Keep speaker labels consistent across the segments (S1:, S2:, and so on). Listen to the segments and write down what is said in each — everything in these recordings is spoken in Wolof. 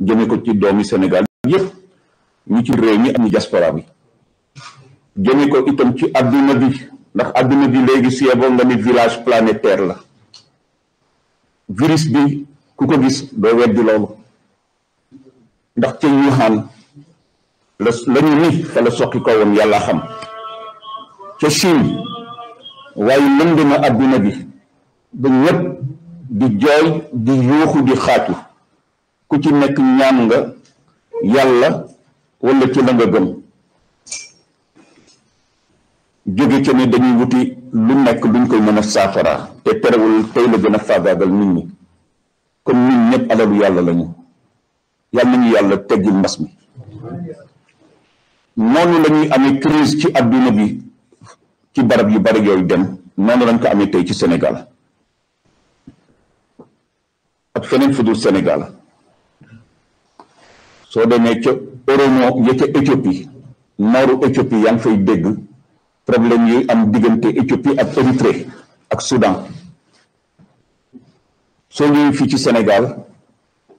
S1: jëme ko ci doomi Sénégal yëpp ñu ci réew mi ak ñu bi jëme ko itam ci adduna bi ndax adduna bi léegi si yeboo nga ni village planetaire la virus bi ku ko gis doo weddi loolu ndax ca Wuhan la lañu ni fa la soqi ko yàlla xam ca Chine waaye lënd na adduna bi ba ñëpp di jooy di yuuxu di xaatu ku ci nekk ñaan nga yàlla wala ci la nga gëm jóge ca ne dañuy wuti lu nekk luñ koy mën a saafara te terewul tey la gën a faagaagal nit ñi kon ñun ñëpp alalu yàlla lañu yàlla nañu yàlla teggil mbas mi noonu la ñuy amee crise ci adduna bi ci barab yu bari yooyu dem noonu lañ ko amee tey ci senegal ak feneen fu dul soo demee ca Oromo ya ca Éthiopie nooru Éthiopie yaa ngi fay dégg problème yi am diggante Éthiopie ak Érythrée ak Soudan soo ñëwee fii ci Sénégal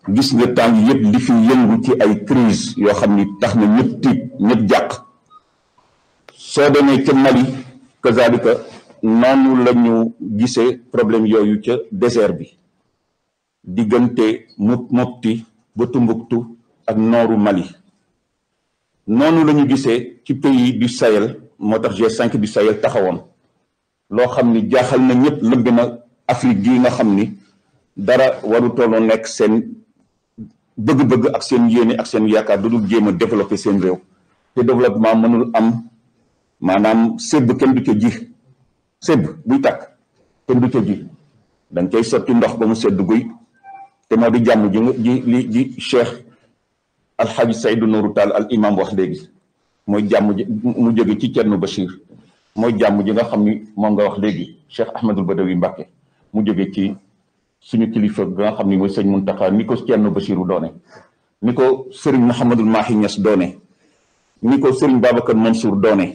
S1: gis nga temps yi yëpp li fi yëngu ci ay crise yoo xam ni tax na ñëpp tiit ñëpp jàq soo demee ca Mali kazalika noonu la ñu gisee problème yooyu ca désert bi diggante mu mopti ba Tumbuktu ak nooru Mali noonu la ñu gisee ci pays du Sahel moo tax G5 du Sahel taxawoon loo xam ni jaaxal na ñëpp lëmb na Afrique gii nga xam ni dara waru tolloo nekk seen bëgg-bëgg ak seen yéene ak seen yaakaar du dul jéem a développé seen réew te développement mënul am maanaam sëbb kenn du ca ji sëbb buy tàkk kenn du ca ji da nga koy sotti ndox ba mu sedd guy te moo di jàmm ji ji li ji cheikh alxaaji Seydou Nourou Tall al imam wax léegi mooy jàmm mu jóge ci Thierno Bachir mooy jàmm ji nga xam ni moom nga wax léegi Cheikh Ahmadul Badawi Mbacke mu jóge ci suñu kilifa ga nga xam ni mooy sëñ Muntaxa ni ko Thierno Bachiru doone ni ko sëriñ Mouhamadul Mahi Niass doone ni ko sëriñ Babacar Mansour doone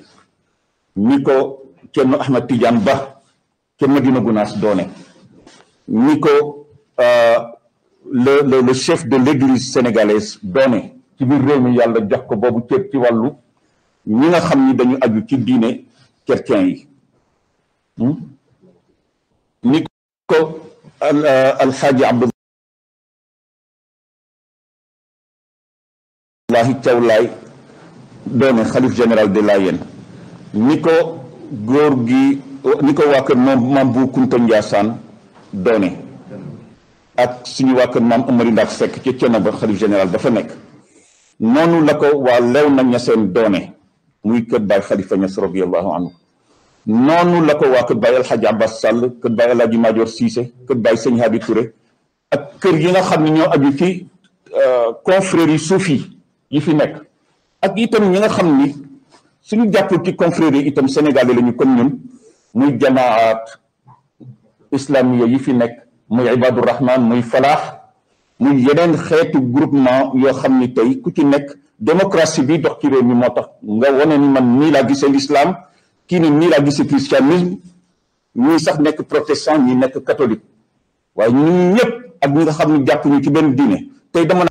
S1: ni ko Thierno Ahmad Tidiane Ba ca Madina Gounass doone ni ko euh, le le le chef de l'église sénégalaise doone ci biir réew mi yàlla jox ko boobu cër ci wàllu ñi nga xam ni dañu aju ci diine chrétien yi hmm? ni ko euh, alxaaji abdullahi cawlaay doone xalif général de Layène ni ko góor gi ni ko waa kër moom maam bu kunta njaasaan doone ak suñu waa kër maam amari ndaak sekk ca cena ba xalif général ba nekk noonu la ko waa lew na ñaseen doone muy kër baay xalifa ñas radiallahu anhu noonu la ko waa kër baay alxaji abbas sàll kër baay alaaji maajoor siise kër baay sëñ haadi ak kër yi nga xam ne ñoo aju ci euh, confrérie yi suufi yi fi nekk ak itam ñi nga xam ni suñu jàppul ci confrérie yi itam sénégalais la ñu comme ñun muy jamaat islamiya yi fi nekk muy ibadurahman muy falaax muy yeneen xeetu groupement yoo xam ni tey ku ci nekk démocratie bi dox ci réew mi moo tax nga wane ni man nii laa gisee l'islam kii ni nii laa gisee christianisme ñii sax nekk protestant ñi nekk catholique waaye ñun ñëpp ak ñi nga xam ni jàpp ñu ci benn diine tey dama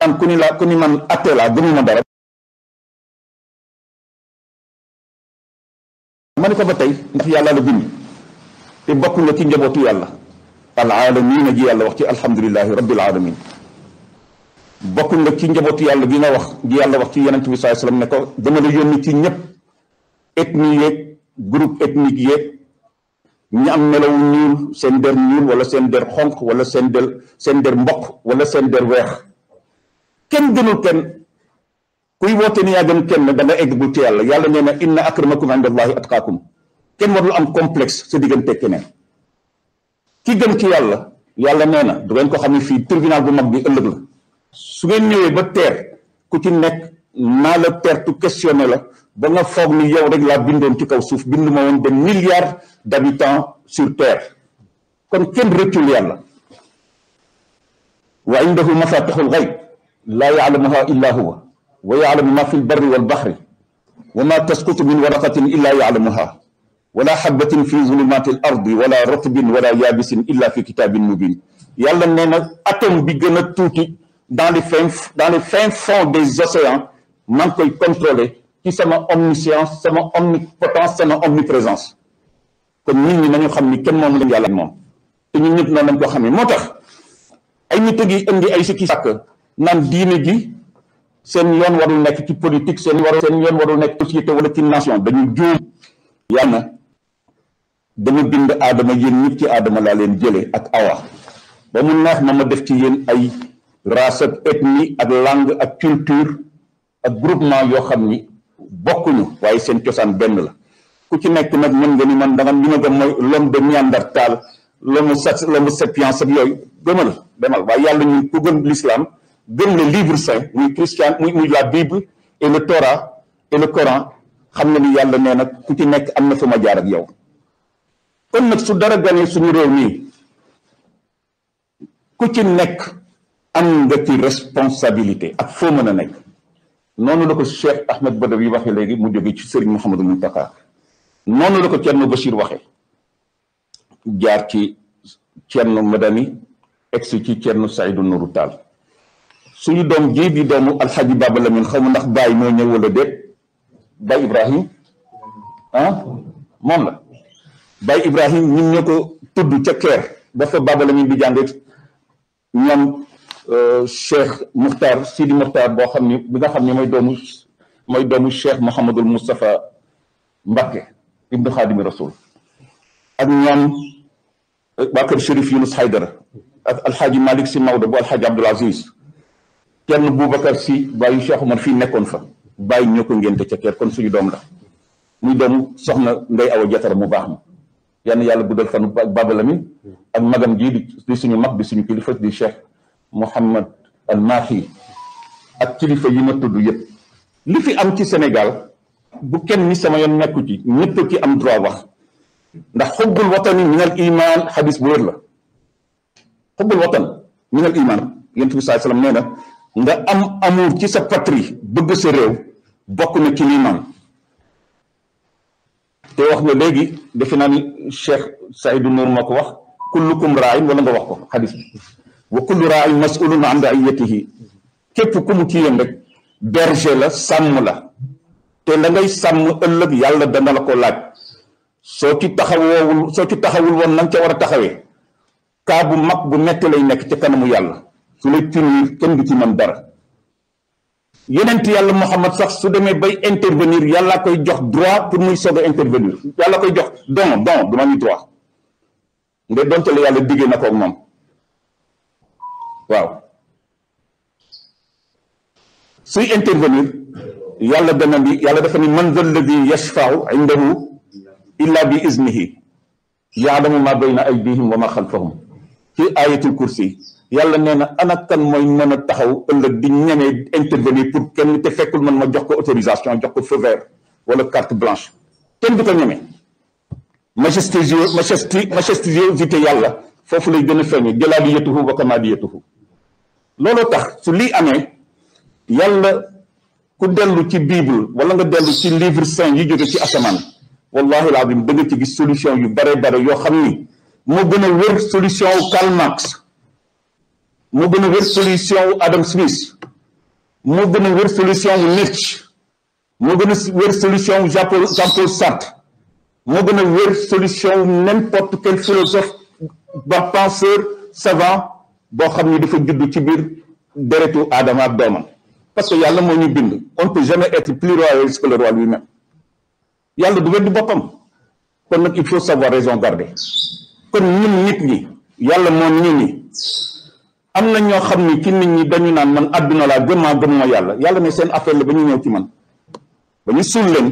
S1: naan ku ni laa ku man atte laa gëmuma dara ma ko ba tey ndax yàlla la bind te bokk nga ci njabootu yàlla alaalamiina ji yàlla wax ci alhamdulilahi rabbil alamin bokkul nga ci njabootu yàlla gi nga wax gi yàlla wax ci yonent bi saai sallam ne ko dama la ci ñëpp ethnie yeeg groupe ethnique yeeg ñi am melawu ñuul seen der ñuul wala seen der xonq wala seen der seen der mboq wala seen der weex kenn gënul kenn kuy woote ni yaa gën kenn da nga eggagul ci yàlla yàlla nee na inna akramakum indallahi atqaakum kenn warul am complexe sa diggante keneen ki gëm ci yàlla yàlla nee na du ko xam ne fii tribunal bu mag bi ëllëg la su ngeen ñëwee ba teer ku ci nekk naa la teertu questionné la ba nga foog ni yow rek laa bindoon ci kaw suuf bindu ma woon de milliards d'habitants sur terre kon kenn rëccul yàlla wa indahu mafatixul xayb laa yaalamuha illa huwa wa yaalamu ma fi lbarri walbaxri wa ma tasqutu min waraqatin illa yaalamuha wala xabbatin fi zulumaati l ardi wala ratbin wala yaabisin illa fi kitaabin mubin yàlla nee na atome bi gën a tuuti dans les fins dans les fins fonds des océans maa ngi koy contrôler ci sama omniscience sama omnipotence sama omniprésence kon nit ñi nañu xam ni kenn moom lañ yàlla moom te ñun ñëpp noonu lañ ko xamee moo tax ay nit a ngi indi ay sikki sàkk nan diine gi seen yoon warul nekk ci politique seen warul seen yoon warul nekk société wala ci nation dañu juum yàlla dama bind aadama yéen ñëpp ci aadama laa leen jëlee ak awa ba mu neex ma ma def ci yéen ay race ak ethnie ak langue ak culture ak groupement yoo xam ni bokkuñu waaye seen cosaan benn la ku ci nekk nag mën nga ni man da nga li ma gëm mooy l'homme de Néandertal l'homme sax l'homme sapiens ak yooyu gëmal demal waaye yàlla ñun ku gëm l'islam gëm le livre saint muy christian muy muy la bible et le Torah et le Coran xam nga ni yàlla nee nag ku ci nekk am na fu ma jaar yow kon nag su dara ganee suñu réew mii ku ci nekk am nga ci responsabilité ak foo mën a nekk noonu la ko Cheikh Ahmed Badawi waxe léegi mu jóge ci Serigne Mouhamadou Mountakha noonu la ko Thierno Bachir waxe jaar ci Thierno Madani egsi ci Thierno Saïdou Nourou taal suñu doom ji di doomu alxaji Baba Lamine xaw ma ndax Baye moo ñëw wala déet Baye Ibrahim ah moom la Baye Ibrahim ñun ñoo ko tudd ca Caire dafa la Lamine di jàng ñoom euh, Cheikh Muxtar Sidi Muxtar boo xam ni bi nga xam ne mooy doomu mooy doomu Cheikh Mouhamadul Moustapha Mbacke ibnu Xaadimi Rasul ak ñoom euh, waa kër Yunus Haydara ak alxaaji Malick si Maodo bu alxaaji Abdoul Aziz kenn Boubacar si bàyyi Cheikh Omar fii nekkoon fa bàyyi ñoo ko ngénte ca Caire kon suñu doom la muy doomu soxna Ndey Awa Jatara mu baax ma yann yàlla guddal fan Baba Lamine hmm. ak magam jii di suñu mag bi suñu kilifa di Cheikh Mouhamad al Mahi ak kilifa yi ma tudd yëpp li fi am ci Sénégal bu kenn ni sama yoon nekku ci ñëpp ci am droit wax ndax xubbul watani min al iman xadis bu wér la xubbul min al iman yonent bi sallallahu nee na nga am amour ci sa patrie bëgg sa réew bokk na ci liman te wax nga léegi defe naa ni Cheikh Seydou Nour moo ko wax kullukum raayin wala nga wax ko xadis bi wa kullu raayin masulun an raiyatihi képp ku mu kii yam rek berger la sàmm la te la ngay sàmm ëllëg yàlla dana la ko laaj soo ci taxawoowul soo ci taxawul woon na nga ca war a taxawee kaa bu mag bu metti lay nekk ca kanamu yàlla su lay punir kenn du ci mën dara yonent yàlla Muhammad sax su demee bay intervenir yàlla koy jox droit pour muy soog a intervenir yàlla koy jox don don du ma ñu droit nga donte la yàlla diggee na ko ak moom waaw suy intervenir yàlla dana bi yàlla dafa ni man zal ladi yashfau indahu illa bi iznihi yaalamu ma bayna aydihim wa ma xalfahum ci ayatul kursi yàlla nee na ana kan mooy mën a taxaw ëllëg di ñeme intervenir pour kenn te fekkul man ma jox ko autorisation jox ko feu vert wala carte blanche kenn du ko ñeme majestueux majestu majestuosité yàlla foofu lay gën a feeñe jalaadiyatuhu wa kamaadiyatuhu looloo tax su lii amee yàlla ku dellu ci bible wala nga dellu ci livre saint yi jóge ci asamaan wallahi alazim da nga ci gis solution yu bare bare yoo xam ni moo gën a wér solution Karl moo gën a wér solution wu Adam Smith mu gën a wér solution wu Nietzsche mu gën a wér solution wu Jean-Paul Sartre moo gën a wér solution wu n'importe quel philosophe ba penseur savant boo xam ni dafa judd ci biir deretu Adama ak doomam parce que yàlla moo ñu bind on peut jamais être plus royaliste que le roi lui yàlla du weddi boppam kon nag il faut savoir raison garder kon ñun nit yàlla moom nit am na ñoo xam ni ci nit ñi dañu naan man àdduna laa gën maa gëm ma yàlla yàlla ne seen affaire la ba ñu ñëw ci man ba ñu suul leen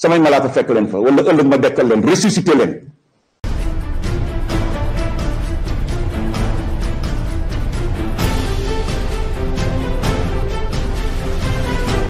S1: samay malaaka fekk leen fa wala ëllëg ma dekkal leen ressuscité leen